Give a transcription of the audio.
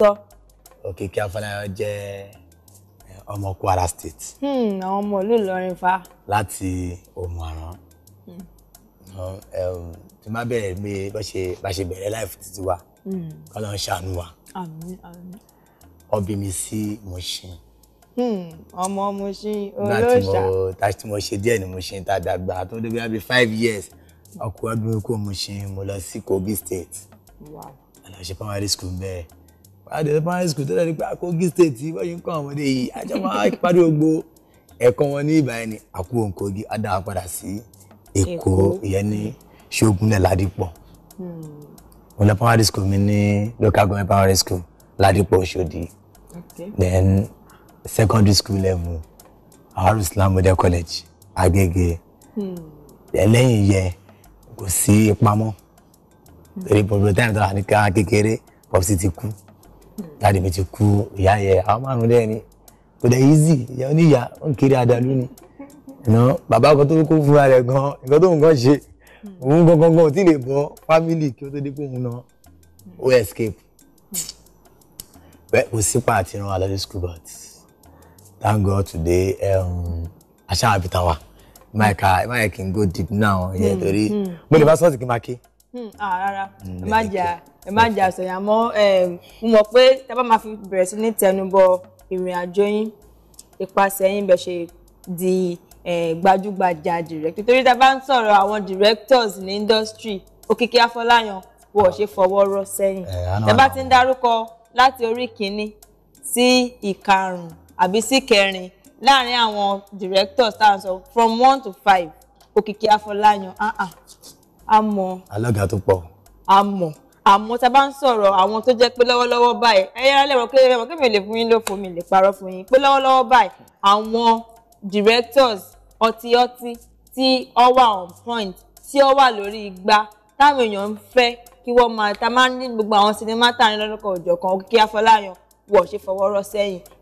sọ. Òkìkí Afọláyàn jẹ́ eh, ọmọ Kwara State. Hmm, àwọn ọmọ ìlú Ìlọrin fa. láti Òmùaran hmm. tí má bẹ̀rẹ̀ mi bá ṣe bá ṣe bẹ̀rẹ̀ láìfù títí wa kọ́ ló ń ṣàánú wa. àmín àmín. ọbí mi sí Mùṣín. Hmm, ọmọ Mùṣín olóòṣà. nígbà tí mo ṣe díẹ̀ ní Mùṣín tá dàgbà tó débi wá five years ọkùnrin ọdún mi kò Mùṣín mo lọ sí Kogi State. wow. àlọ́ ṣe primary school bẹ́ẹ̀ adẹ̀ primary school tẹ́lẹ̀ nípa Kogi state wọ́n yìí ń kọ́ àwọn ọmọdé yìí àjọ máa parí gbogbo ẹ̀kọ́ wọn ní ìbáyìí ni àkú òǹkogi adá wa padà sí Èkó ìyẹn ní Ṣógúnlẹ̀ Ládìpọ̀ mo hmm. lọ primary school mi ní local government primary school Ládìpọ̀ Òṣòdì then secondary school level Awaru Islam Model College Agége hmm. lẹ́yìn yẹn kò sí ìpamọ́ hmm. torí pọ̀lọ́tà ìtọ́ra ní ká kékeré pọ̀sí ti kú dáàdì mi ti kú ìyá yẹ àwọn márùn dẹ́ ni kò dẹ̀ easy ìyá oníyà ń kiri àdàlú ni bàbá kan tó kó fúnra rẹ̀ gan nǹkan tó ń gan ṣe òun gangan gan ò tí lè bọ́ family kí ó tó dé pé òun náà ó escape kò sí pàtí ìran àlọ́dún school but thank God today aṣáájú um, àbítàwà Mike, máìkì ń go deep now yẹn hmm, torí hmm. mo lè bá sọ́ọ̀tì kí n máa ké. Hmm, ah, rárá hmm, ẹ má jà ẹ má jà sọyìn àmọ́ mo mọ̀ pé tá a bá máa fi bẹ̀rẹ̀ sí ní tẹnubọ ìrìn àjò yín ìpasẹ̀ yín bẹ̀ ṣe di gbajúgbajà director torí tá a bá ń sọ̀rọ̀ àwọn directors ní industry Òkìkí Afọláyan wọ́n ṣe fọwọ́ rọ́ sẹ́yìn eh, tá a bá ti ń dárúkọ láti orí kìíní sí ìkarùn-ún àbí sí kẹrin láàrin àwọn directors tá à ń sọ from one to five Òkìkí Afọláyan ah, ah àmọ́. alága tó pọ̀. àmọ́ àmọ́ tá a bá ń sọ̀rọ̀ àwọn tó jẹ́ pé lọ́wọ́lọ́wọ́ báyìí ẹ̀yẹ́ra lẹ́wọ̀n kí lẹ́wọ̀n kí mi lè fún yín lófo mi lè parọ́ fún yín pé lọ́wọ́lọ́wọ́ báyìí àwọn directors ọtí ọtí tí ó wà on point tí ó wà lórí igba táwọn èèyàn ń fẹ́ kí wọ́n máa ta máa ń ní gbogbo àwọn sinimá tàn lọ́dún kan òjọ̀kan Òkìkí Afọláyan wọ̀ ṣe fọwọ́rọ́ sẹ́yìn